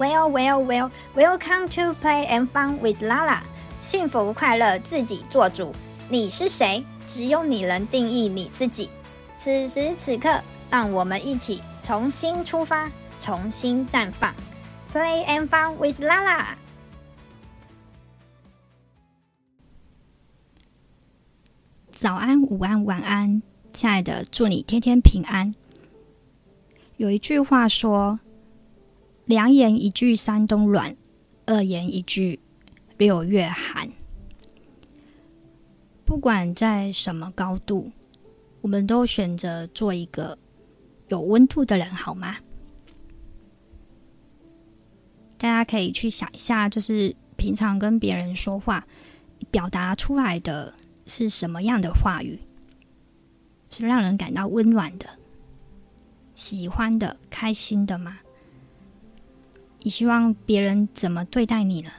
Well, well, well! Welcome to play and fun with Lala. 幸福快樂自己做主。你是誰？只有你能定義你自己。此時此刻，讓我們一起重新出發，重新綻放。Play and fun with Lala. 早安，午安，晚安，親愛的，祝你天天平安。有一句話說。良言一句三冬暖，惡言一句六月寒。不管在什麼高度，我們都選擇做一個有溫度的人，好嗎？大家可以去想一下，就是平常跟別人說話，表達出來的是什麼樣的話語？是讓人感到溫暖的、喜歡的、開心的嗎？你希望別人怎麼對待你呢？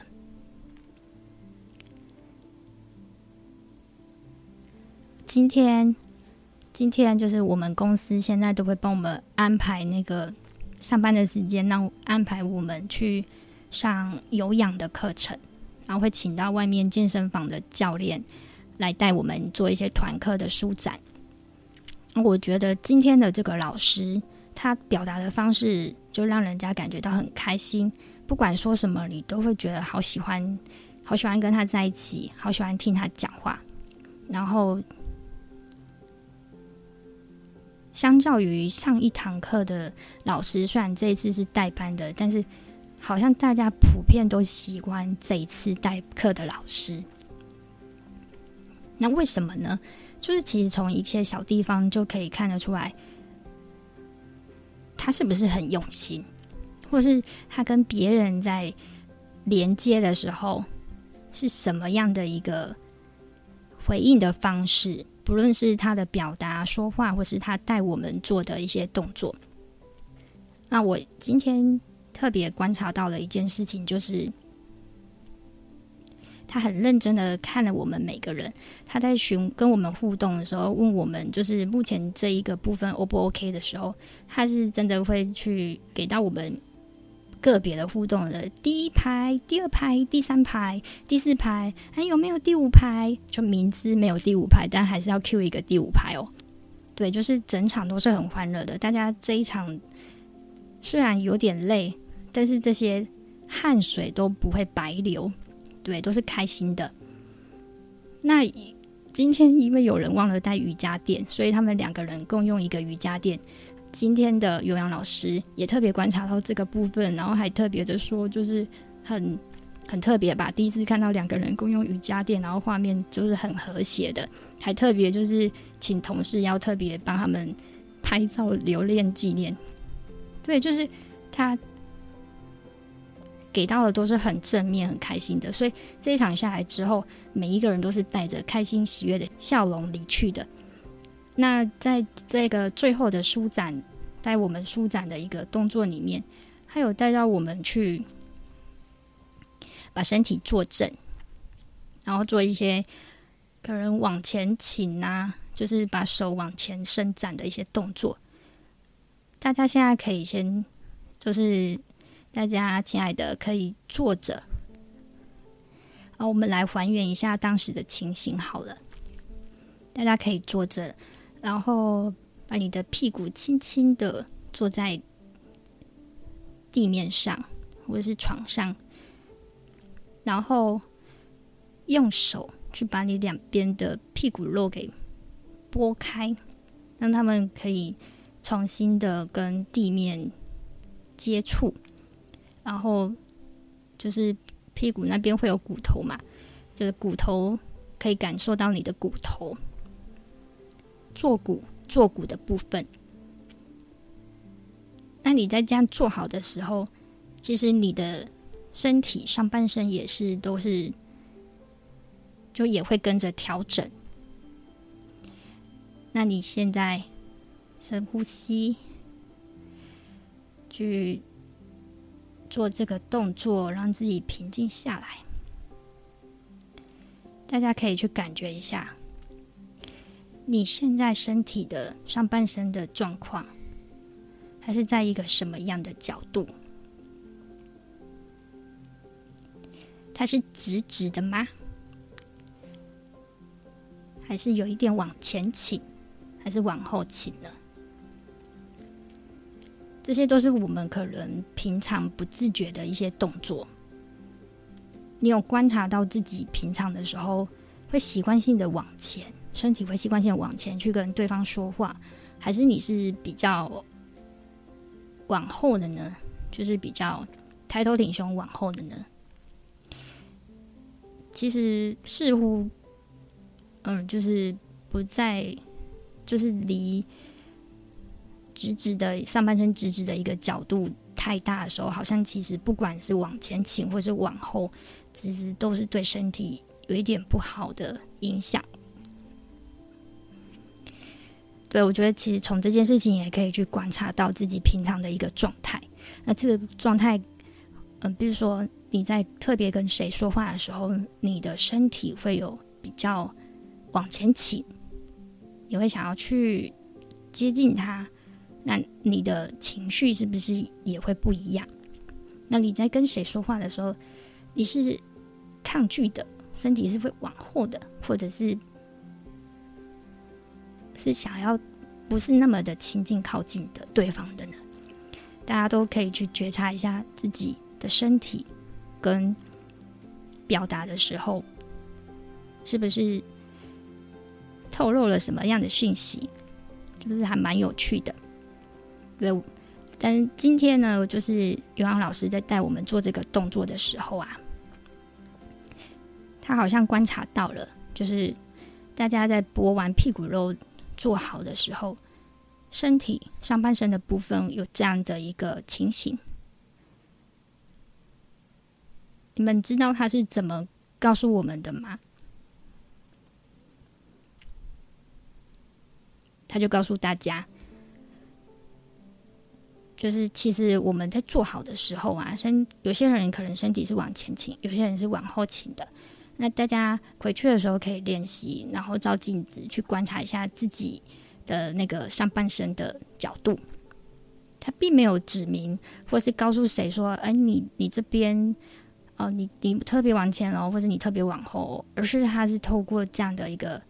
今天，今天就是我們公司現在都會幫我們安排那個上班的時間讓，讓安排我們去上有氧的課程，然後會請到外面健身房的教練來帶我們做一些團課的舒展。我覺得今天的這個老師。他表達的方式就讓人家感覺到很開心，不管說什麼，你都會覺得好喜歡，好喜歡跟他在一起，好喜歡聽他講話。然後，相較於上一堂課的老師，雖然這一次是代班的，但是好像大家普遍都喜歡這一次代課的老師。那為什麼呢？就是其實從一些小地方就可以看得出來。他是不是很用心，或是他跟別人在連接的時候是什麼樣的一個回應的方式？不論是他的表達、說話，或是他帶我們做的一些動作。那我今天特別觀察到了一件事情，就是。他很認真的看了我們每個人，他在巡，跟我們互動的時候問我們，就是目前這一個部分 O 不 OK 的時候，他是真的會去給到我們個別的互動的，第一排、第二排、第三排、第四排，還、哎、有沒有第五排？就明知沒有第五排，但還是要 cue 一個第五排哦。對，就是整場都是很歡樂的，大家這一場雖然有點累，但是這些汗水都不會白流。對，都是開心的。那今天因為有人忘了帶瑜伽墊，所以他們兩個人共用一個瑜伽墊。今天的尤陽老師也特別觀察到這個部分，然後還特別的說，就是很很特別吧，第一次看到兩個人共用瑜伽墊，然後畫面就是很和諧的，還特別就是請同事要特別幫他們拍照留念紀念。對，就是他。給到的都是很正面、很開心的，所以這一場下來之後，每一個人都是帶着開心、喜悅的笑容離去的。那在這個最後的舒展，帶我們舒展的一個動作裡面，還有帶到我們去把身體坐正，然後做一些可能往前傾啊，就是把手往前伸展的一些動作。大家現在可以先就是。大家親愛的，可以坐着。好，我們來還原一下當時的情形好了。大家可以坐着，然後把你的屁股輕輕的坐在地面上，或者是床上，然後用手去把你兩邊的屁股肉給撥開，讓他們可以重新的跟地面接觸。然後就是屁股那邊會有骨頭嘛，就是骨頭可以感受到你的骨頭，坐骨、坐骨的部分。那你在這樣坐好的時候，其實你的身體上半身也是都是就也會跟着調整。那你現在深呼吸，去。做這個動作，讓自己平靜下來。大家可以去感覺一下，你現在身體的上半身的狀況，還是在一個什麼樣的角度？它是直直的嗎？還是有一點往前傾，還是往後傾呢？這些都是我們可能平常不自覺的一些動作。你有觀察到自己平常的時候會習慣性的往前，身體會習慣性的往前去跟對方說話，還是你是比較往後的呢？就是比較抬頭挺胸往後的呢？其實似乎，嗯，就是不在，就是離。直直的上半身，直直的一個角度太大的時候，好像其實不管是往前傾或是往後，其實都是對身體有一點不好的影響。對，我覺得，其實從這件事情也可以去觀察到自己平常的一個狀態。那這個狀態，嗯、呃，比如說你在特別跟誰說話的時候，你的身體會有比較往前傾，你會想要去接近他。那你的情緒是不是也會不一樣？那你在跟誰說話的時候，你是抗拒的，身體是會往後的，或者是是想要不是那麼的親近靠近的對方的呢？大家都可以去覺察一下自己的身體跟表達的時候，是不是透露了什麼樣的訊息？就是還蠻有趣的。對,對，但是今天呢，就是永昂老師在帶我們做這個動作的時候啊，他好像觀察到了，就是大家在剝完屁股肉做好的時候，身體上半身的部分有這樣的一個情形。你們知道他是怎麼告訴我們的嗎？他就告訴大家。就是其實我們在做好的時候啊，身有些人可能身體是往前傾，有些人是往後傾的。那大家回去的時候可以練習，然後照鏡子去觀察一下自己的那個上半身的角度。他並沒有指明或是告訴誰說：“哎，你你這邊哦，你你特別往前哦，或者你特別往後。”而是他是透過這樣的一個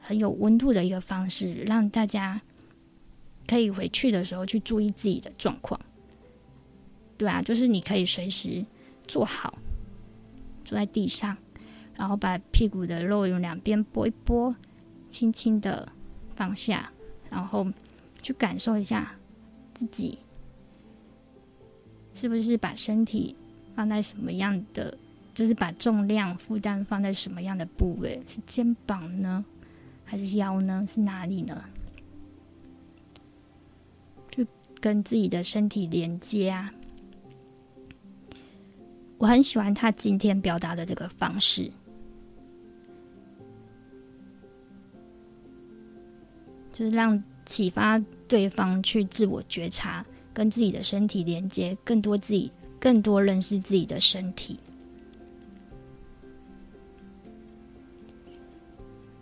很有溫度的一個方式，讓大家。可以回去的時候去注意自己的狀況，對啊，就是你可以隨時坐好，坐在地上，然後把屁股的肉用兩邊撥一撥，輕輕的放下，然後去感受一下自己是不是把身體放在什麼樣的，就是把重量負擔放在什麼樣的部位？是肩膀呢？還是腰呢？是哪裡呢？跟自己的身體連接啊，我很喜歡他今天表達的這個方式，就是讓啟發對方去自我覺察，跟自己的身體連接，更多自己，更多認識自己的身體。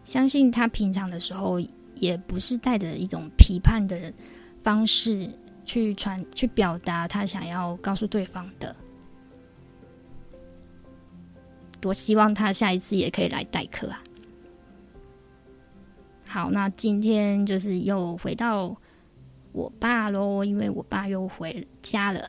相信他平常的時候也不是帶着一種批判的方式。去傳去表達他想要告訴對方的，多希望他下一次也可以來代課啊！好，那今天就是又回到我爸嘍，因為我爸又回家了。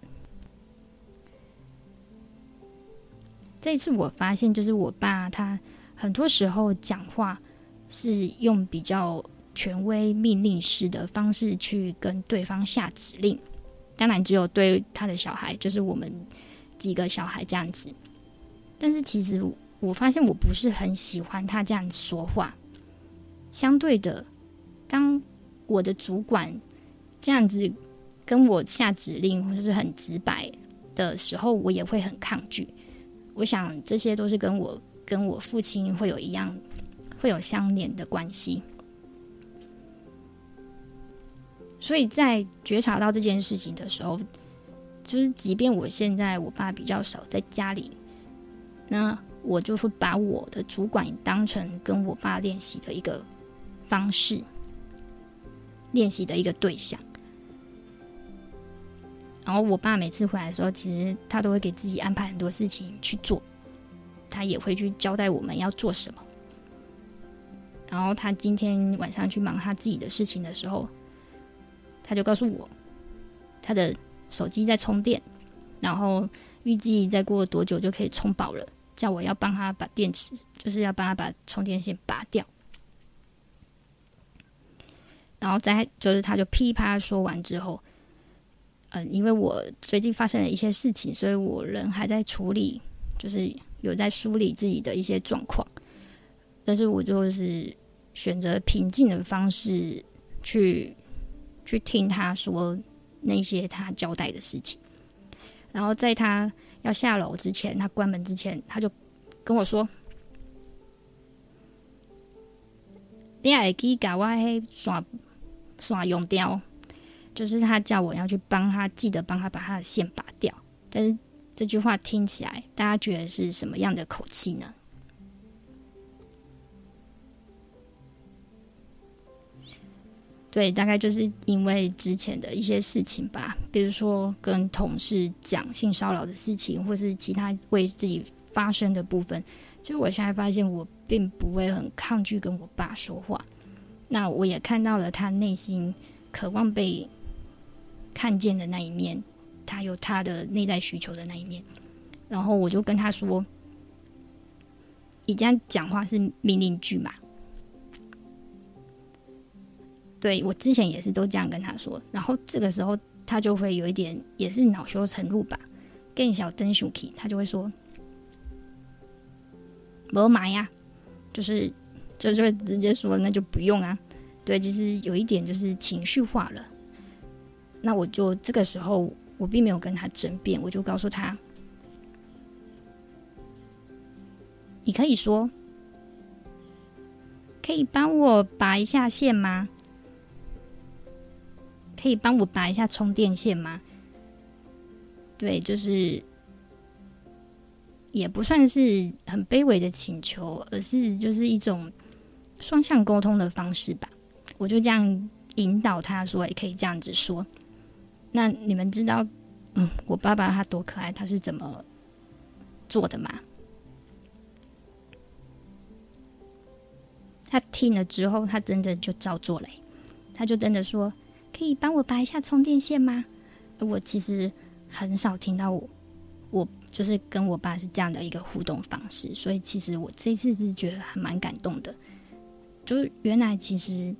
這次我發現，就是我爸他很多時候講話是用比較權威命令式的方式去跟對方下指令，當然只有對他的小孩，就是我們幾個小孩這樣子。但是其實我發現我不是很喜歡他這樣說話。相對的，當我的主管這樣子跟我下指令或是很直白的時候，我也會很抗拒。我想這些都是跟我跟我父親會有一樣，會有相連的關係。所以在覺察到這件事情的時候，就是即便我現在我爸比較少在家裡，那我就會把我的主管當成跟我爸練習的一個方式，練習的一個對象。然後我爸每次回來的時候，其實他都會給自己安排很多事情去做，他也會去交代我們要做什麼。然後他今天晚上去忙他自己的事情的時候。他就告訴我，他的手機在充電，然後預計再過多久就可以充飽了，叫我要幫他把電池，就是要幫他把充電線拔掉。然後再就是，他就噼啪啪說完之後，嗯，因為我最近發生了一些事情，所以我人還在處理，就是有在梳理自己的一些狀況，但是我就是選擇平靜的方式去。去聽他說那些他交代的事情，然後在他要下樓之前，他關門之前，他就跟我說：“ 你可以搞我耍耍用掉。”就是他叫我要去幫他，記得幫他把他的線拔掉。但是這句話聽起來，大家覺得是什麼樣的口氣呢？對，大概就是因為之前的一些事情吧，比如說跟同事講性騷擾的事情，或是其他為自己發聲的部分。其實我現在發現，我並不會很抗拒跟我爸說話。那我也看到了他內心渴望被看見的那一面，他有他的內在需求的那一面。然後我就跟他說：“你這樣講話是命令句嘛？”對，我之前也是都這樣跟他說，然後這個時候他就會有一點，也是惱羞成怒吧。跟小燈 e 他就會說：“沒買呀、啊，就是就就直接說那就不用啊。”對，就是有一點就是情緒化了。那我就這個時候我並沒有跟他爭辯，我就告訴他：“你可以說，可以幫我拔一下線嗎？”可以幫我拔一下充電線嗎？對，就是也不算是很卑微的請求，而是就是一種雙向溝通的方式吧。我就這樣引導他說，也可以這樣子說。那你們知道，嗯，我爸爸他多可愛，他是怎麼做的嗎？他聽了之後，他真的就照做了，他就真的說。可以幫我拔一下充電線嗎？我其實很少聽到我，我就是跟我爸是這樣的一個互動方式，所以其實我這次是覺得還蠻感動的。就是原來其實，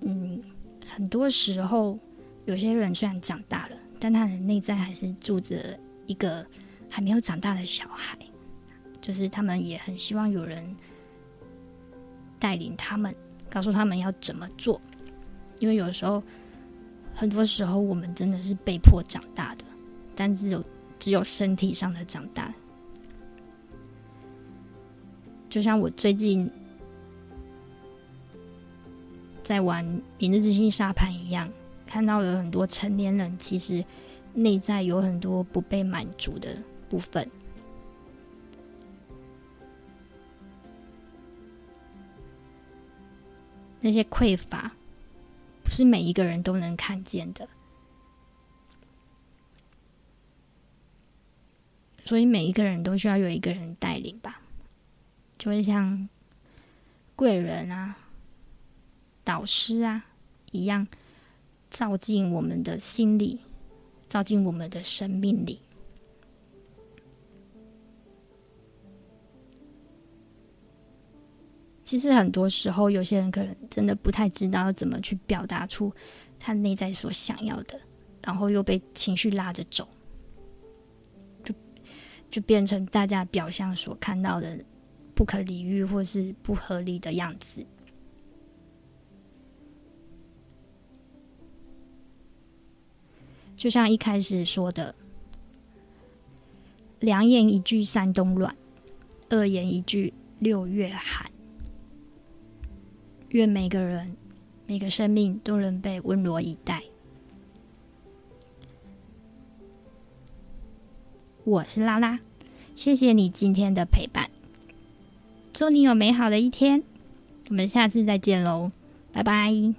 嗯，很多時候有些人雖然長大了，但他的內在還是住着一個還沒有長大的小孩，就是他們也很希望有人帶領他們，告訴他們要怎麼做，因為有時候。很多時候，我們真的是被迫長大的，但是有只有身體上的長大，就像我最近在玩明日之星沙盤一樣，看到了很多成年人其實內在有很多不被滿足的部分，那些匱乏。是每一個人都能看見的，所以每一個人都需要有一個人帶領吧，就會像貴人啊、導師啊一樣，照進我們的心裡，照進我們的生命裡。其實很多時候，有些人可能真的不太知道要怎麼去表達出他內在所想要的，然後又被情緒拉着走，就就變成大家表象所看到的不可理喻或是不合理的樣子。就像一開始說的，“良言一句三冬暖，惡語一句六月寒。”願每個人、每個生命都能被溫柔以待。我是拉拉，謝謝你今天的陪伴，祝你有美好的一天，我們下次再見嘍，拜拜。